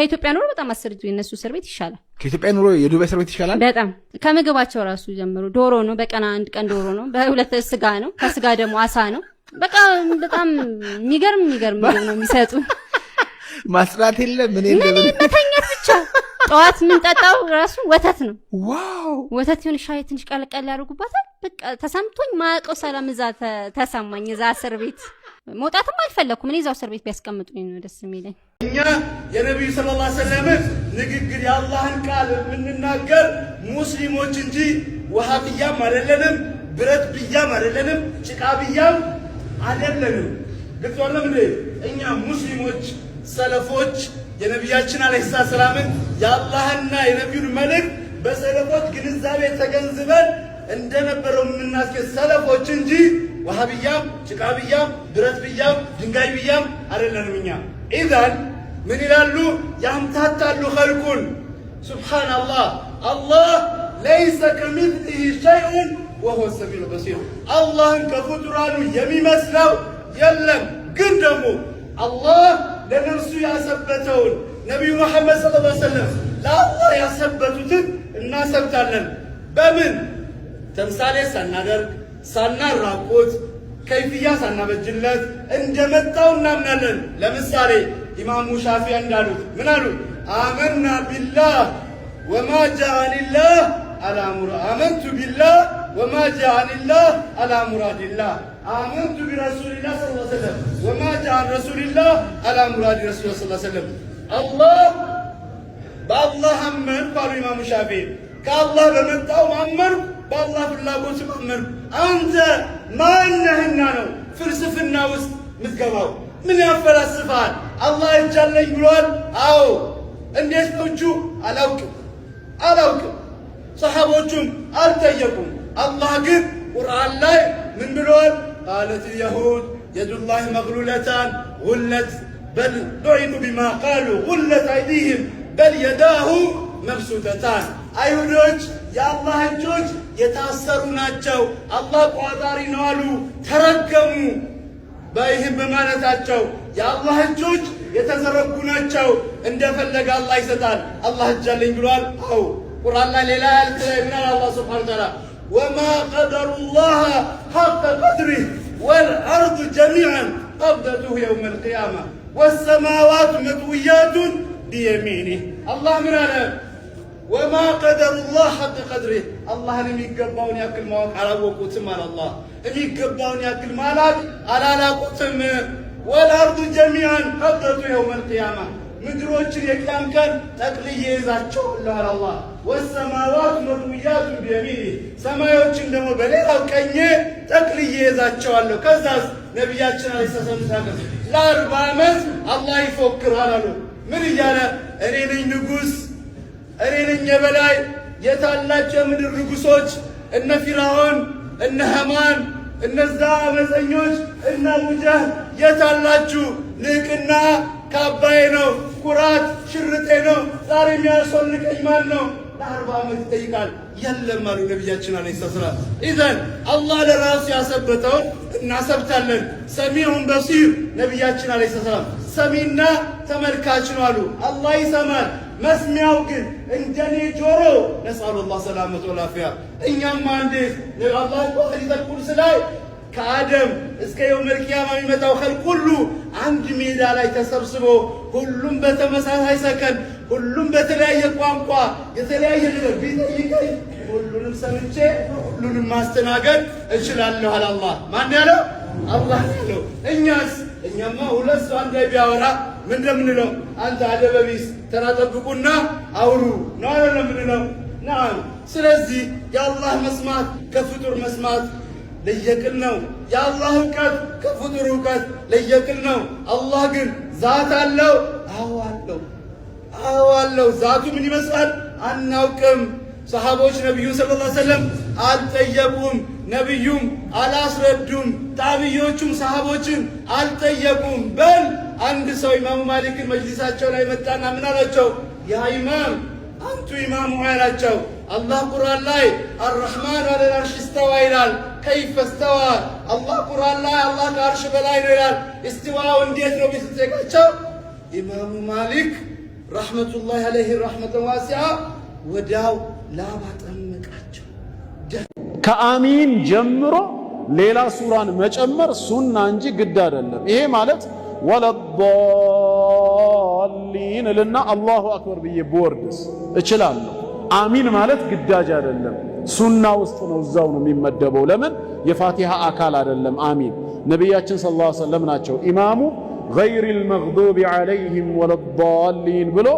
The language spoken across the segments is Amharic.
ከኢትዮጵያ ኑሮ በጣም አስር የነሱ እስር ቤት ይሻላል። ከኢትዮጵያ ኑሮ የዱባይ እስር ቤት ይሻላል በጣም ከምግባቸው ራሱ ጀምሮ ዶሮ ነው፣ በቀን አንድ ቀን ዶሮ ነው፣ በሁለት ስጋ ነው፣ ከስጋ ደግሞ አሳ ነው። በቃ በጣም የሚገርም የሚገርም ምግብ ነው የሚሰጡ። ማስራት የለ ምን መተኛት ብቻ። ጠዋት የምንጠጣው ራሱ ወተት ነው። ዋው ወተት ሆን ሻይ ትንሽ ቀለቀል ያደርጉባታል። በቃ ተሰምቶኝ ማያውቀው ሰላም እዛ ተሰማኝ እዛ እስር ቤት መውጣትም አልፈለኩም። እኔ እዛው እስር ቤት ቢያስቀምጡኝ ነው ደስ የሚለኝ። እኛ የነቢዩ ስለ ላ ወሰለም ንግግር የአላህን ቃል የምንናገር ሙስሊሞች እንጂ ብያም አይደለንም፣ ብረት ብያም አይደለንም፣ ጭቃ ብያም አይደለንም። ግጦለም ነው። እኛ ሙስሊሞች ሰለፎች የነቢያችን አለይሂ ሰላምን የአላህና የነቢዩን መልእክት በሰለፎች ግንዛቤ ተገንዝበን እንደነበረው የምናስገ ሰለፎች እንጂ ውሃ ብያም፣ ጭቃ ብያም፣ ብረት ብያም፣ ድንጋይ ብያም አይደለንም እኛ። ኢዛን ምን ይላሉ? ያምታታሉ ኸልቁን። ሱብሓነ አላህ አላህ ለይሰ ከምትህ ሸይኡን ወሆ ሰሚዑ በሲሩ። አላህን ከፍጡራኑ የሚመስለው የለም። ግን ደግሞ አላህ ለነርሱ ያሰበተውን ነቢዩ መሐመድ ሰለላሁ ዐለይሂ ወሰለም ለአላህ ያሰበቱትን እናሰብታለን። በምን ተምሳሌ ሳናደርግ ሳናራቁት ከይፍያ ሳናበጅለት እንደመጣው እናምናለን። ለምሳሌ ኢማሙ ሻፊያ እንዳሉት ምን አሉ? አመና ቢላህ ወማ ጃአሊላህ አላሙር አመንቱ ቢላህ ወማ ጃአሊላህ አላሙራዲላህ አመንቱ ቢረሱሊላህ ሰለላሁ ዐለይሂ ወማ ጃአን ረሱሊላህ አላሙራዲ ረሱሊላህ ሰለላሁ ዐለይሂ አላህ በአላህ አመን አሉ ኢማሙ ሻፊዒ ከአላህ በመጣው አመንኩ بالله في الله قوت مؤمن أنت ما إنه إنانو فلسف الناوس مذكباو من يفر السفان الله يجعل لي يقولون أو إنديس بوجو ألوكم ألوكم صحابوكم ألتيكم الله قد قرآن لي من بلوان قالت اليهود يد الله مغلولتان غلت بل دعنوا بما قالوا غلت أيديهم بل يداه مبسوطتان أيهودوج يا الله الجوج يتأثرون أجو الله قواتاري نوالو تركمو بايهم بمانة أجو يا الله الجوج يتزرقون أجو اندفع لك الله يستان الله الجالين قلوان أو قرآن لا من الله سبحانه وتعالى وما قدر الله حق قدره والأرض جميعا قبضته يوم القيامة والسماوات مطويات بيمينه الله من أهل ወማ ቀደሩላህ ሐቅ ቀድሬ አላህን የሚገባውን ያክል ማወቅ አላወቁትም። አላላህ የሚገባውን ያክል ማላቅ አላላቁትም። ወልአርዱ ጀሚዐን ቀብደቱ የውመል ቂያማ ምድሮችን የቅያም ቀን ጠቅልዬ ይዛቸዋለሁ አላላህ። ወሰማዋት መሩያቱ ቢየሚኒ ሰማዮችን ደግሞ በሌላው ቀኜ ጠቅልዬ ይዛቸዋለሁ። ከዛስ ነቢያችን አለ ለአርባ ዓመት አላህ ይፎክራል አሉ። ምን እያለ እኔ ነኝ ንጉሥ እኔ ነኝ የበላይ የታላቸው የምድር ንጉሶች እነ ፊራውን እነ ሐማን እነዛ አመፀኞች እነ አቡጀህ የታላችሁ ንቅና ካባዬ ነው ኩራት ሽርጤ ነው ዛሬ የሚያስወልቀኝ ማን ነው ለአርባ ዓመት ይጠይቃል የለም አሉ ነቢያችን አለ ሰላም ኢዘን አላህ ለራሱ ያሰበተውን እናሰብታለን ሰሚዑን በሲር ነቢያችን አለ ሰላም ሰሚና ተመልካች ነው አሉ አላህ ይሰማል መስሚያው ግን እንደኔ ጆሮ ነስአሉላህ ሰላመተ ወላፊያ። እኛም አንዴት አላህ ሐዲሰል ቁድስ ላይ ከአደም እስከ የውመል ቂያማ የሚመጣው ኸልቅ ሁሉ አንድ ሜዳ ላይ ተሰብስቦ ሁሉም በተመሳሳይ ሰከን ሁሉም በተለያየ ቋንቋ የተለያየ ነገር ቢጠይቀኝ ሁሉንም ሰምቼ ሁሉንም ማስተናገድ እችላለሁ አለ አላህ። ማን ያለው? አላህ ያለው። እኛስ እኛማ ሁለት ሰው አንድ ላይ ቢያወራ ምን እንደምንለው አንተ አደበቢስ ተራ ጠብቁና አውሩ ነው አለ ምንድነው? ናም። ስለዚህ የአላህ መስማት ከፍጡር መስማት ለየቅል ነው። የአላህ እውቀት ከፍጡር እውቀት ለየቅል ነው። አላህ ግን ዛት አለው። አዎ አለው፣ አዎ አለው። ዛቱ ምን ይመስላል አናውቅም። ሰሃቦች ነቢዩ ሰለላሁ ዐለይሂ ወሰለም አልጠየቁም። ነቢዩም አላስረዱም። ጣብዮቹም ሰሃቦችን አልጠየቁም በል አንድ ሰው ኢማሙ ማሊክን መጅሊሳቸው ላይ መጣና ምን አላቸው? ያ ኢማም አንቱ ኢማሙ አላቸው። አላህ ቁርአን ላይ አርህማን አለል አርሽ ስተዋ ይላል። ከይፈ ስተዋ አላህ ቁርአን ላይ አላህ ከአርሽ በላይ ነው ይላል። እስትዋው እንዴት ነው ቢስጠቃቸው? ኢማሙ ማሊክ ረሕመቱላሂ አለይህ ረሕመተን ዋሲዓ ወዲያው ላብ ከአሚን ጀምሮ ሌላ ሱራን መጨመር ሱና እንጂ ግድ አይደለም። ይሄ ማለት ወለዶሊን እልና አላሁ አክበር ብዬ ብወርድስ እችላለሁ። አሚን ማለት ግዳጅ አይደለም፣ ሱና ውስጥ ነው፣ እዛው ነው የሚመደበው። ለምን የፋቲሃ አካል አይደለም። አሚን ነቢያችን ሰለላሁ ዐለይሂ ወሰለም ናቸው ኢማሙ ገይሪል መግዱቢ ዐለይሂም ወለዳሊን ብሎ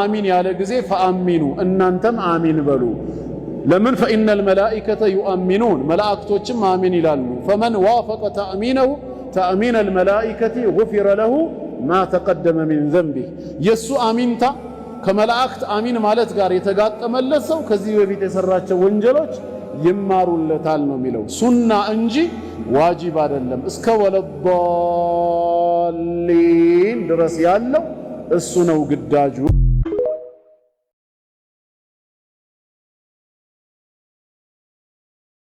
አሚን ያለ ጊዜ ፈአሚኑ እናንተም አሚን በሉ። ለምን ፈኢነል መላኢከተ ዩአሚኑን መላእክቶችም አሚን ይላሉ። ፈመን ዋፈቀ ተእሚነሁ ተእሚን አልመላኢከቲ ጉፊረ ለሁ ማ ተቀደመ ሚን ዘንቢህ የእሱ አሚንታ ከመላእክት አሚን ማለት ጋር የተጋጠመለት ሰው ከዚህ በፊት የሰራቸው ወንጀሎች ይማሩለታል ነው የሚለው። ሱና እንጂ ዋጅብ አይደለም። እስከ ወለዳሊን ድረስ ያለው እሱ ነው ግዳጁ።